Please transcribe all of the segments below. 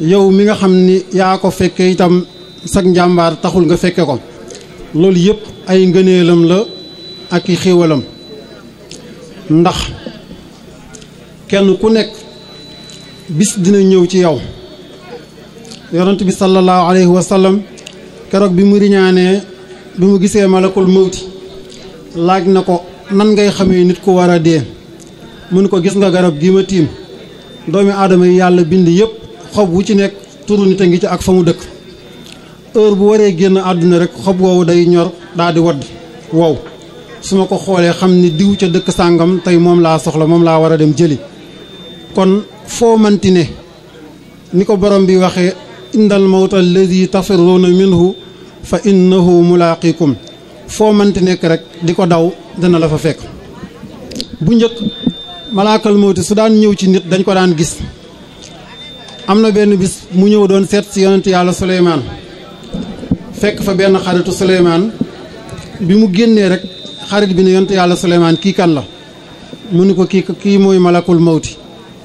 yow mi nga xam ni yaa ko fekke itam sag njàmbar taxul nga fekke ko loolu yëpp ay ngëneelam la ak i xéewalam ndax kenn ku nekk bis dina ñëw ci yow yonent bi sallallahu alayhi wa sallam keroog bi mu riñaanee bi mu gisee malakul mawti laaj na ko nan ngay xamee nit ku war a dee mun ko gis nga garab gi ma tiim doomi aadama yi yàlla bind yëpp xob wu ci nekk turu nit a ngi ci ak fa mu dëkk heure bu waree génn àdduna rek xob woowu day ñor daa di wadd wow su ma ko xoolee xam ni diw ca dëkk sàngam tey moom laa soxla moom laa war a dem jëli kon foo manti ne ni ko borom bi waxee indal mawta alladi tafirruuna minhu fa innahu mulaaqikum foo manti nekk rek di ko daw dana la fa fekk bu njëkk malaakal mawti su daan ñëw ci nit dañ ko daan gis am na benn bis mu ñëw doon seet si yonent yàlla Suleymaan fekk fa benn xaritu Suleymaan bi mu génnee rek xarit bi ne yonent yàlla Suleymaan kii kan la mu ni ko kii kii mooy malakul mawti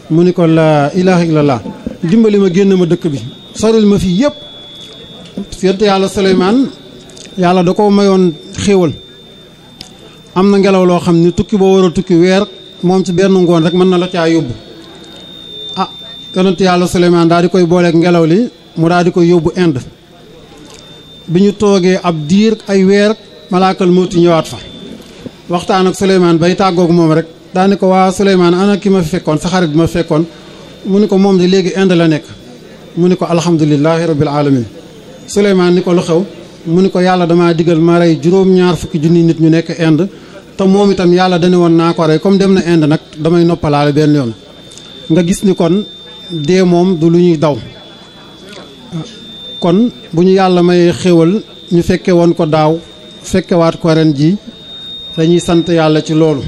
mu ni ko laa ilaaha illallah dimbali ma génn ma dëkk bi soril ma fii yëpp yonent yàlla Suleymaan yàlla da ko mayoon xéwal am na ngelaw loo xam ni tukki boo war tukki weer moom ci benn ngoon rek mën na la caa yóbbu yonent yàlla Suleymaan daal di koy booleeg ngelaw li mu daal di koy yóbbu Inde bi ñu toogee ab diir ay weer malaakal ti ñëwaat fa waxtaan ak Suleymaan bay tàggook moom rek ne ko waa Suleymaan ana ki ma fekkoon sa xarit bi ma fekkoon mu ni ko moom de léegi Inde la nekk mu ni ko alhamdulilahi rabbil alamin Suleymaan ni ko loxew mu ni ko yàlla damaa digal ma rey juróom-ñaar fukki junni nit ñu nekk Inde te moom itam yàlla dane woon naa ko re comme dem na Inde nag damay noppalaale benn yoon dee lu ñuy daw kon bu ñu yàlla may xéwal ñu fekke woon ko daaw fekkewaat ko ji dañuy sant yàlla ci loolu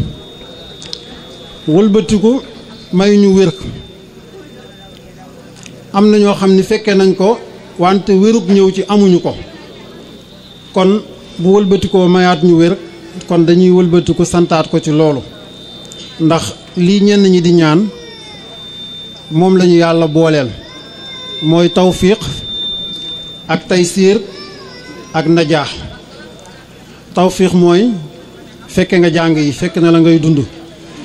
wëlbatiku mayuñu wér am na ñoo xam ni fekke nañ ko wante wérug ñëw ci amuñu ko kon bu wëlbatikoo mayaat ñu wér kon dañuy wëlbatiku santaat ko ci loolu ndax lii ñenn ñi di ñaan moom lañu yàlla booleel mooy tawfiq ak siir ak najaax tawfiq mooy fekke nga jàng yi fekk na la ngay dund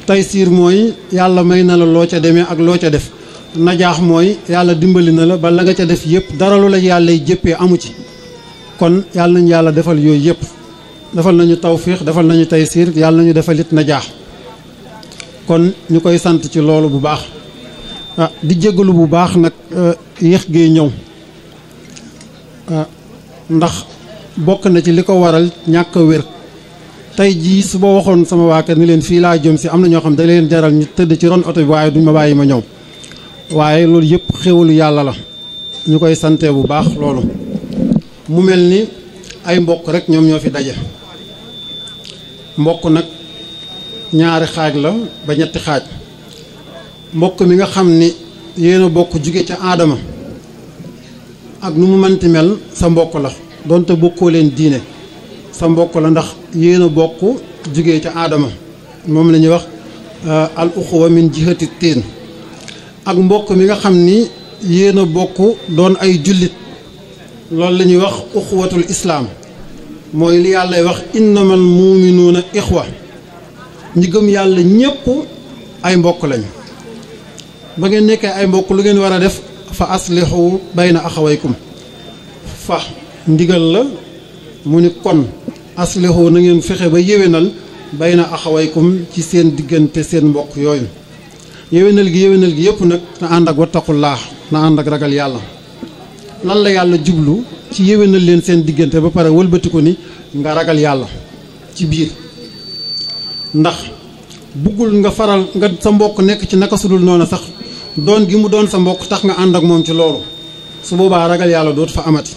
taysiir mooy yàlla may na la loo ca demee ak loo ca def najaax mooy yàlla dimbali na la ba la nga ca def yëpp dara lu la yàllay jëppee amu ci kon yàlla nañu yàlla defal yooyu yëpp defal nañu tawfiix defal nañu taysiir yàlla nañu defal it najaax kon ñu koy sant ci loolu bu baax Ah, di jéggalu bu baax nag euh, yéex gee ñëw ah, ndax bokk na ci li ko waral ñàkk a wér tey jii su ma waxoon sama waa ni leen fii laa jëm si am na ñoo xam ne da leen jaral ñu tëdd ci ron oto bi waaye duñ ma bàyyi ma ñëw waaye loolu yépp xéwalu yàlla la ñu koy santee bu baax loolu mu mel ni ay mbokk rek ñoom ñoo fi daje mbokk nag ñaari xaaj la ba ñetti xaaj mbokk mi nga xam ni yéen bokk jóge ca aadama ak nu mu manti mel sa mbokk la donte bokkoo leen diine sa mbokk la ndax yéen bokk jóge ca aadama moom la ñuy wax euh, al uxuwa min jihati tiin ak mbokk mi nga xam ni yéen a bokk doon ay jullit loolu la ñuy wax uxuwatul islaam mooy li yàllay wax innamal muminuuna ixwa ñi gëm yàlla ñépp ay mbokk lañu ba ngeen nekkee ay mbokk lu ngeen war a def fa aslihu bayna axawaykum fa ndigal la mu ni kon aslihu na ngeen fexe ba yéwénal bayna axawaykum ci seen diggante seen mbokk yooyu yéwénal gi yéwénal gi yëpp nag na ànd ak wattaqullaa na ànd ak ragal yàlla lan la yàlla jublu ci yéwénal leen seen diggante ba pare wëlbati ko ni nga ragal yàlla ci biir ndax buggul nga faral nga sa mbokk nekk ci naka sudul noonu sax doon gi mu doon sa mbokk tax nga ànd ak moom ci loolu su boobaa ragal yàlla dootu fa amati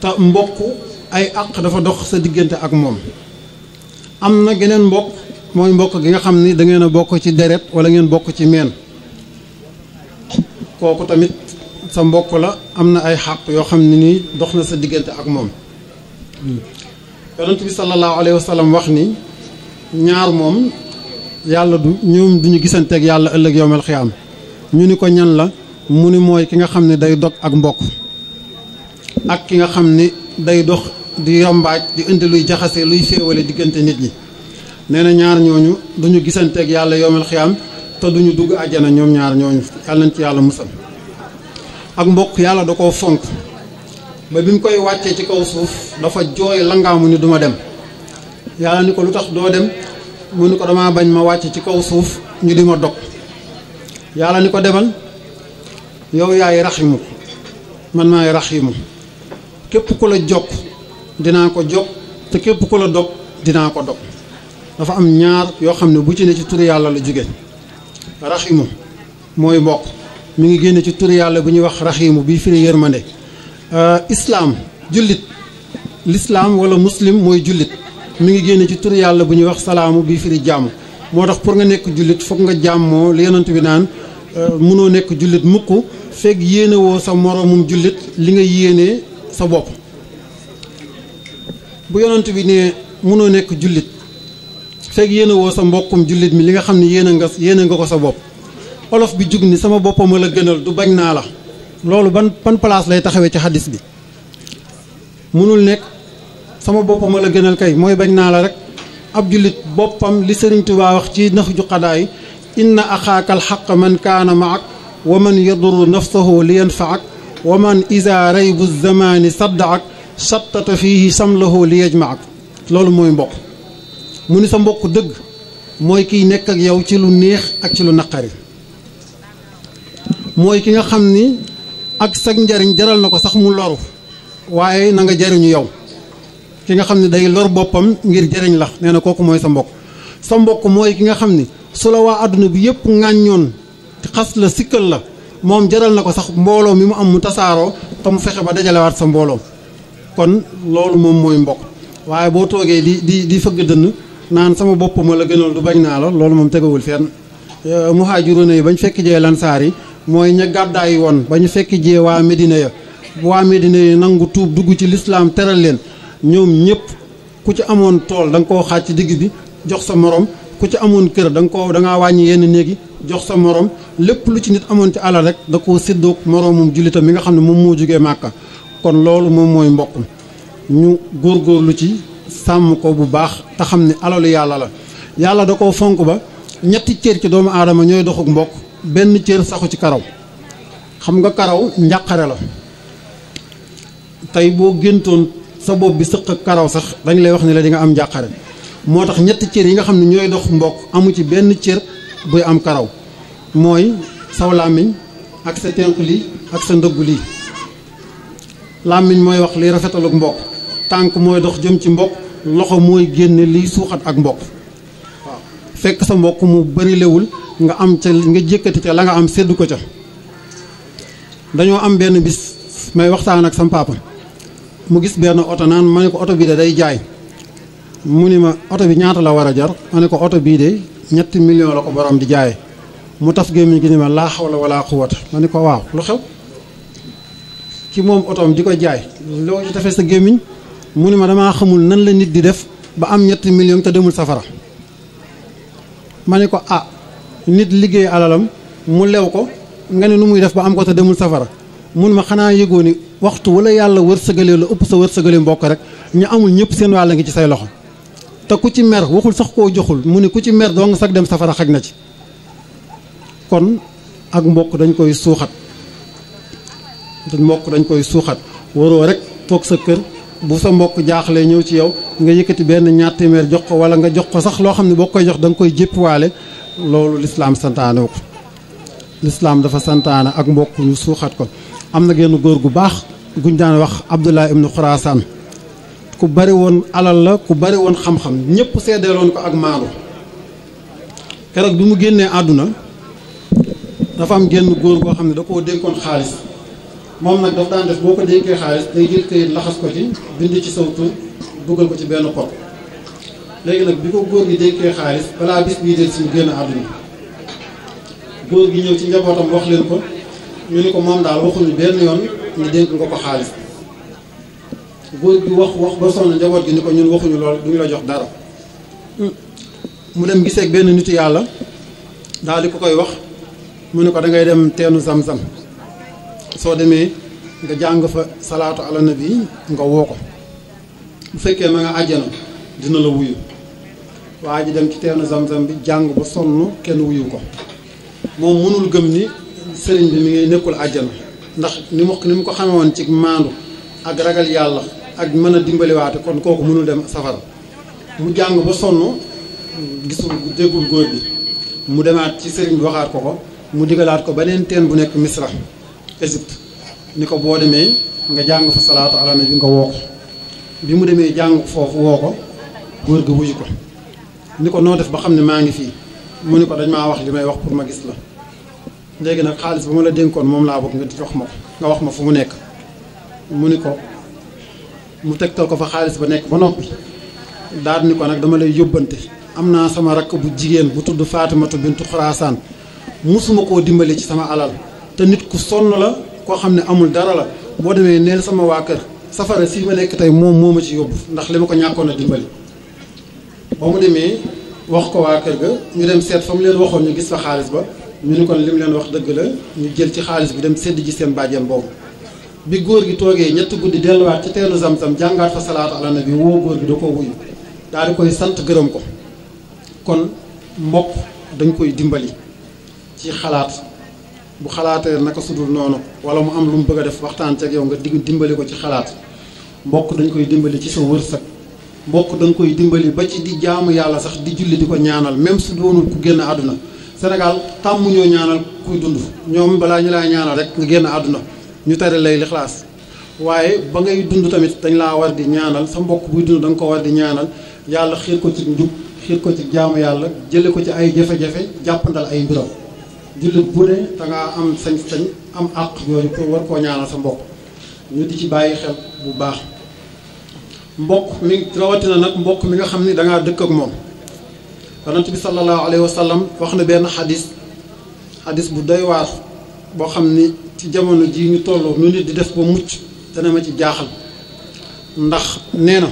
te mbokk ay àq dafa dox sa diggante ak moom am na geneen mbokk mooy mbokk gi nga xam ni da ngeen a bokk ci deret wala ngeen bokk ci meen kooku tamit sa mbokk la am na ay xàq yoo xam ne nii dox na sa diggante ak moom yonent bi sallallahu alayhi wa wax ni ñaar moom yàlla du ñoom duñu ak yàlla ëllëg yowmal xiyaam ñu ni ko ñan la mu ni mooy ki nga xam ne day dog ak mbokk ak ki nga xam ni day dox di yombaaj di indi luy jaxase luy féewale diggante nit ñi nee na ñaar ñooñu duñu gisanteeg yàlla yoomal xiyaam te duñu dugg àjjana ñoom ñaar ñooñu yàlla nañ ci yàlla musal ak mbokk yàlla da ko fonk ba bi mu koy wàccee ci kaw suuf dafa jooy langaamu ni duma dem yàlla ni ko lu tax doo dem mu ni ko dama bañ ma wàcce ci kaw suuf ñu di ma dog yàlla ni ko demal yow yaay raximu man maay raximu képp ku la jokk dinaa ko jog te képp ku la dog dinaa ko dog dafa am ñaar yoo xam ne bu ci ne ci turu yàlla la jóge raximu mooy mbokk mu ngi génne ci turu yàlla bu ñuy wax raximu bi firi yërmande euh, islaam jullit lislaam wala muslim mooy jullit mi ngi génne ci turu yàlla bu ñuy wax salaamu bi firi jàmm moo tax pour nga nekk jullit foog nga jàmmoo li yonent bi naan euh, mënoo nekk jullit mukk fekk yéene woo sa moroomum jullit li nga yéenee sa bopp bu yonent bi ne mënoo nekk jullit fekk yéene woo sa mbokkum jullit mi li nga xam ne yéene nga yéene nga ko sa bopp olof bi jug ni sama boppam la gënal du bañ naa la loolu ban ban place lay taxawee ci xadis bi mënul nekk sama boppam la gënal kay mooy bañ naa la rek ab jullit boppam li Sëriñ Tuubaa wax ci nax ju xadaay inna axaakal xaq man kaana maak wa man yaduru nafsahu li yanfaak wa man isa raybu zamaani saddaak sattata fiihi samlahu li yajmaak loolu mooy mbokk mu ni sa mbokk dëgg mooy kiy nekk ak yow ci lu neex ak ci lu naqari mooy ki nga xam ni ak sag njariñ jaral na ko sax mu loru waaye nanga jariñu yow ki nga xam ne day lor boppam ngir jëriñ lax nee na kooku mooy sa mbokk sa mbokk mooy ki nga xam ni su la waa àdduna bi yëpp ŋàññoon xas la sikkal la moom jaral na ko sax mbooloo mi mu am mu tasaaroo te fexe ba dajalewaat sa mbooloo kon loolu moom mooy mbokk waaye boo toogee di di di fëgg dënn naan sama bopp ma la gënoon du bañ naa la loolu moom tegawul fenn muhaajiruuna yi bañ fekk jee lansaar yi mooy ña gàddaay woon ba ñu fekk jee waa Medina ya waa Medina yi nangu tuub dugg ci lislaam teral leen ñoom ñëpp ku ci amoon tool da nga koo xaaj ci digg bi jox sa moroom ku ci amoon kër danga nga koo wàññi yenn néegi jox sa moroom lépp lu ci nit amoon ci alal rek da koo séddoo moroomum jullitam mi nga xam ne moom moo jógee màkka kon loolu moom mooy mbokk ñu góor góorgóorlu ci sàmm ko bu baax te xam ne alalu yàlla la yàlla da ko fonk ba ñetti cër ci doomu aadama ñooy doxuk mbokk benn cër saxu ci karaw xam nga karaw njàqare la tey boo géntoon sa bopp bi sëq ak karaw sax dañ lay wax ne la di nga am njàqare moo tax ñetti cër yi nga xam ne ñooy dox mbokk amu ci benn cër buy am karaw mooy saw làmmiñ ak sa tenq lii ak sa ndëggu lii làmmiñ mooy wax li rafetal ak mbokk tànk mooy dox jëm ci mbokk loxo mooy génne liy suuxat ak mbokk waaw fekk sa mbokk mu bari lewul nga am ca nga jékkati ca la nga am séddu ko ca dañoo am benn bis may waxtaan ak sam papa mu gis benn oto naan ma ne ko oto bii de day jaay mu ni ma oto bi ñaata la war a jar ma ne ko oto bii de ñetti million la ko borom di jaay mu taf gémmiñ gi ni ma laa xawla la quwwata ma ne ko waaw lu xew ki moom otoom di ko jaay loo ci tafee sa gémmiñ mu ni ma damaa xamul nan la nit di def ba am ñetti million te demul safara ma ne ko ah nit liggéey alalam mu lew ko nga ne nu muy def ba am ko te demul safara mun ma xanaa yëgoo waxtu wala yàlla wërsëgalee la ëpp sa wërsëgalee mbokk rek ñu amul ñëpp seen wàll ngi ci say loxo te ku ci mer waxul sax koo joxul mu ne ku ci mer doo nga sag dem safara xaj na ci kon ak mbokk dañ koy suuxat mbokk dañ koy suuxat waroo rek toog sa kër bu sa mbokk jaaxlee ñëw ci yow nga yëkkati benn ñaar téeméer jox ko wala nga jox ko sax loo xam ne boo koy jox danga koy jéppiwaale loolu lislaam santaane ko lislaam dafa santaane ak mbokk ñu suuxat ko am na genn góor gu baax guñ daan wax Abdullah ibnu Xuraasaan ku bariwoon alal la ku bari woon xam-xam ñëpp seedeeloon ko ak maandu keroog bi mu génnee àdduna dafa am genn góor goo xam ne da koo dénkoon xaalis moom nag daf daan def boo ko dénkee xaalis day jël këyit laxas ko ci bind ci saw tur dugal ko ci benn pot léegi nag bi ko góor gi dénkee xaalis balaa bis bii del si mu génn àdduna góor gi ñëw ci njabootam wax leen ko ñu ni ko moom daal waxuñu benn yoon ñu dénk nga ko xaalis góor gi wax wax ba sol njaboot gi ni ko ñun waxuñu lool duñu la jox dara mu dem gisee ak benn nitu yàlla daal di ko koy wax mu ne ko da ngay dem teenu zam-zam soo demee nga jàng fa salaatu ala bi nga woo ko bu fekkee ma nga àjjana dina la wuyu waa ji dem ci teenu zam-zam bi jàng ba sonn kenn wuyu ko moom mënul gëm ni sëriñ bi mu ngi nekkul àjjana ndax ni mu ni mu ko xamee woon ci maandu ak ragal yàlla ak mën a dimbaliwaate kon kooku mënul dem safara mu jàng ba sonn gisul déggul góor bi mu demaat ci sëriñ waxaat ko ko mu digalaat ko beneen teen bu nekk misra Égypte ni ko boo demee nga jàng fa salaatu ala ko bi mu demee jàng foofu woo ko góor gi wuyu ko ni ko noo def ba xam ne maa ngi fii mu ni ko dañ maa wax li may wax pour ma gis la léegi nag xaalis ba ma la dénkoon moom laa bëgg nga jox ma ko nga wax ma fu mu nekk mu ni ko mu tegtal ko fa xaalis ba nekk ba noppi daal ni ko nag dama lay yóbbante am naa sama rakk bu jigéen bu tudd Faatimatu bintu Xuraasaan musuma koo dimbali ci sama alal te nit ku sonn la koo xam ne amul dara la boo demee neel sama waa kër safara si ma nekk tey moom moo ma ci yóbbu ndax li ma ko ñàkkoon a dimbali ba mu demee wax ko waa kër ga ñu dem seet fa leen waxoon ñu gis fa xaalis ba ñu ni kon lim leen wax dëgg la ñu jël ci xaalis bi dem sédd ji seen bàjjen boobu bi góor gi toogee ñetti guddi delluwaat ci teenu zam-zam jàngaat fa salaatu na nabi woo góor gi da ko wuyu daal di koy sant gërëm ko kon mbokk dañ koy dimbali ci xalaat bu xalaatee naka sudul noonu wala mu am lu mu bëgg def waxtaan ceeg nga dig dimbali ko ci xalaat mbokk dañ koy dimbali ci sa wërsëg mbokk dañ koy dimbali ba ci di jaamu yàlla sax di julli di ko ñaanal même su doonul ku génn àdduna Sénégal tàmmuñoo ñaanal kuy dund ñoom balaa ñu laa ñaanal rek nga génn àdduna ñu tere lay lixlaas waaye ba ngay dund tamit dañ laa war di ñaanal sa mbokk buy dund da nga ko war di ñaanal yàlla xiir ko ci njub xiir ko ci jaamu yàlla jële ko ci ay jafe-jafe jàppandal ay mbiram jullit bu ne am sañ-sañ am àq yooyu pour war koo ñaanal sa mbokk ñu di ci bàyyi xel bu baax mbokk mi rawatina nag mbokk mi nga xam ni da dëkk ak moom yonent bi sallallahu alayhi wa wax na benn xadis xadis bu doy waar boo xam ni ci jamono jii ñu tolloo nu nit di def ba mucc dana ma ci jaaxal ndax nee na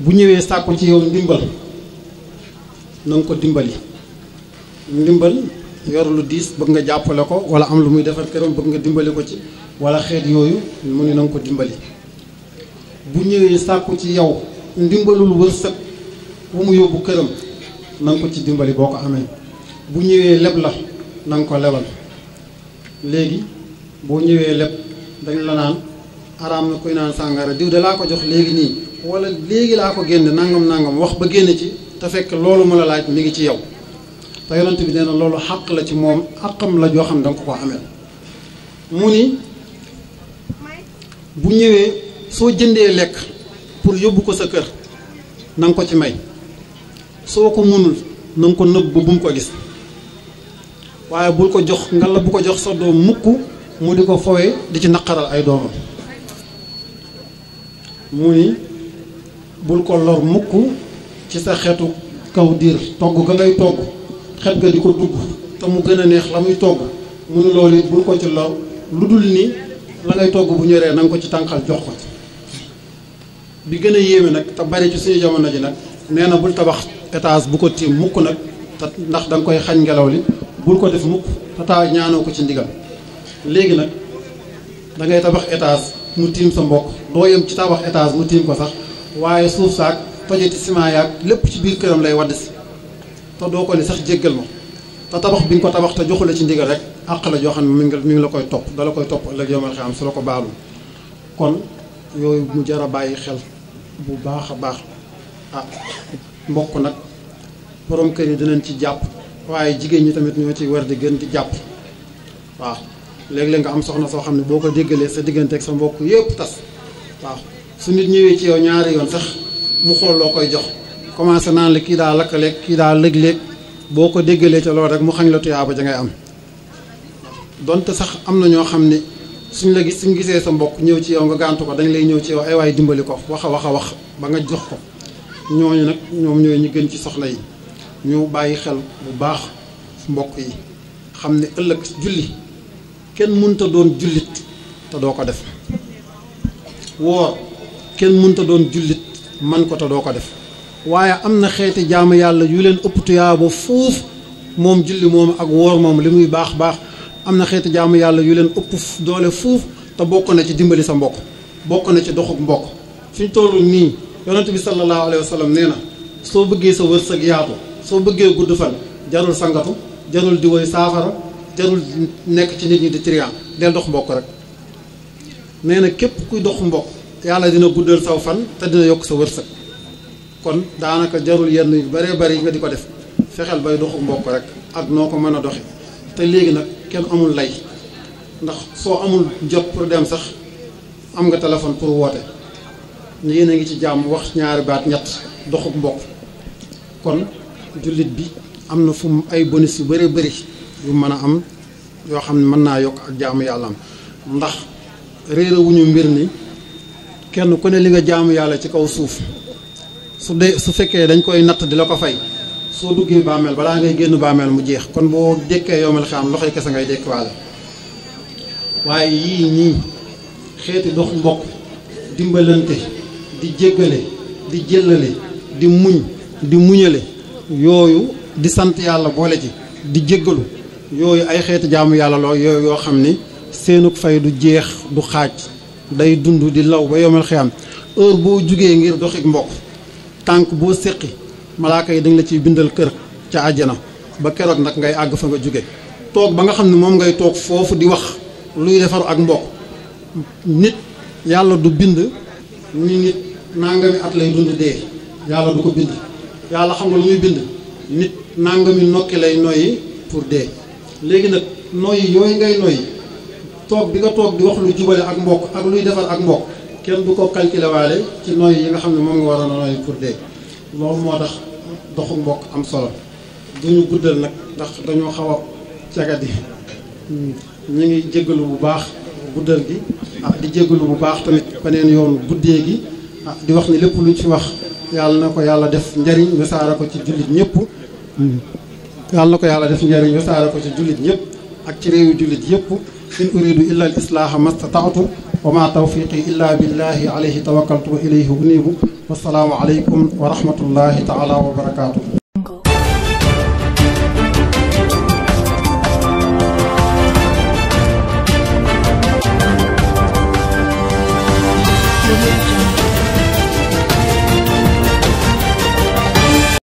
bu ñëwee sàkku ci yow ndimbal na ko dimbali ndimbal yor lu diis bëgg nga jàppale ko wala am lu muy defar këram bëgg nga dimbali ko ci wala xeet yooyu mu ne na ko dimbali bu ñëwee sàkku ci yow ndimbalul wërsëg bu mu yóbbu këram nanga ko ci dimbali boo ko amee bu ñëwee leb la nanga ko lebal léegi boo ñëwee leb dañ la naan araam na kuy naan sàngara diw da laa ko jox léegi nii wala léegi laa ko génn nangam nangam wax ba génn ci te fekk loolu mu la laaj mi ngi ci yow te yonent bi nee na loolu xàq la ci moom àqam la joo xam ne da nga ko ko amee mu ni bu ñëwee soo jëndee lekk pour yóbbu ko sa kër na ko ci may soo ko mënul na ko nëbb bu mu ko gis waaye bul ko jox nga la bu ko jox sa mukk mu di ko fowee di ci naqaral ay doomam mu ni bul ko lor mukk ci sa xeetu kaw diir togg ga ngay togg xet ga di ko dugg te mu gën a neex la muy togg mu ni loolu it bul ko ci lor lu dul ni la ngay togg bu ñoree na ko ci tànqal jox ko ci bi gën a yéeme nag te bari ci suñu jamono ji nag nee na bul tabax étage bu ko tiim mukk nag te ndax danga koy xañ ngelaw li bul ko def mukk te taa ñaanoo ko ci ndigal léegi nag da ngay tabax étage mu tiim sa mbokk doo yem ci tabax étage mu tiim ko sax waaye suuf saak tojati ciment yaag lépp ci biir këram lay wadd si te doo ko ni sax jéggal ma te tabax bi nga ko tabax te joxu la ci ndigal rek àq la joo xam ne mi ngi mi ngi la koy topp dala koy topp ëllëg yomal xam su la ko baalu kon yooyu mu jar a bàyyi xel bu baax a baax ah mbokk nag borom kër yi dinañ ci jàpp waaye jigéen ñi tamit ñoo ci war di gën di jàpp waaw léegi léeg nga am soxna soo xam ne boo ko déggalee sa diggante ak sa mbokk yëpp tas waaw su nit ñëwee ci yow ñaari yoon sax mu xool loo koy jox commencé naan la kii daa lakkaleeg kii daa lëg-léeg boo ko déggalee ca loolu rek mu xañ la tuyaaba ja ngay am donte sax am na ñoo xam ne suñ la gis suñ gisee sa mbokk ñëw ci yow nga gàntu ko dañ lay ñëw ci yow ay waay dimbali ko wax a wax a wax ba nga jox ko ñooñu nag ñoom ñooy ñi gën ci soxla yi ñu bàyyi xel bu baax mbokk yi xam ne ëllëg julli kenn mënta doon jullit te doo ko def woor kenn mënta doon jullit man ko te doo ko def waaye am na xeeti jaamu yàlla yu leen ëpp tuyaaba fuuf moom julli moom ak woor moom li muy baax baax am na xeeti jaamu yàlla yu leen ëpp doole fuuf te bokk na ci dimbali sa mbokk bokk na ci doxuk mbokk fi tollu nii yonent bi sallallahu alayhi wa sallam nee na soo bëggee sa wërsëg yaatu soo bëggee gudd fan jarul sangatu jarul di woy saafara jarul nekk ci nit ñi di trian del dox mbokk rek nee na képp kuy dox mbokk yàlla dina guddal saw fan te dina yokk sa wërsëg kon daanaka jarul yenn yu baree bari nga di ko def fexeel bay doxu mbokk rek ak noo ko mën a doxe te léegi nag kenn amul lay ndax soo amul jot pour dem sax am nga téléphone pour woote yéen a ngi ci jàmm wax ñaari baat ñett doxuk mbokk kon jullit bi am na fu ay bonus yu bëree bëri yu mën a am yoo xam ne mën naa yokk ak jaamu yàlla ndax réere mbir ni kenn ku ne li nga jaamu yàlla ci kaw suuf su de su fekkee dañ koy natt di la ko fay soo duggee bàmmeel balaa ngay génn bàmmeel mu jeex kon boo dekkee yombal xam loxoy kese ngay dekkiwaale waaye yii ñii xeeti dox mbokk dimbalante di jéggale di jëllale di muñ di muñale yooyu di sant yàlla boole ci di jéggalu yooyu ay xeeti jaamu yàlla loo yooyu yoo xam ni seenug fay du jeex du xaaj day dund di law ba yomal xiyam heure boo jugee ngir doxik mbokk tànk boo séqi malaaka yi dañ la ciy bindal kër ca àjjana ba keroog nag ngay àgg fa nga jóge toog ba nga xam ni moom ngay toog foofu di wax luy defaru ak mbokk nit yàlla du bind ni nit nangami at lay dund dee yàlla du ko bind yàlla xam nga lu muy bind nit nangami nokki lay noyyi pour dee léegi nag noyyi yooyu ngay nooy toog bi nga toog di wax lu jubale ak mbokk ak luy defar ak mbokk kenn du ko calculé waale ci noyyi yi nga xam ne moom nga war a nooy pour dee loolu moo tax doxu mbokk am solo du ñu guddal nag ndax dañoo xaw a cagadi hmm. ñu ngi jéggalu bu baax guddal gi ah di jégalu bu baax tamit beneen yoon guddee gi ah, di wax ni lépp lu ci wax yàlla na ko yàlla def njariñ wasaare ko ci jullit ñëpp yàlla na ko yàlla def njariñ wasaare ko ci jullit ñëpp ak ci réewu jullit yëpp in uridu illa al islaaha mastataatu wa ma tawfiqi illa billahi alayhi tawakkaltu wa ilayhi aleykum wa rahmatullahi taala wa barakaatu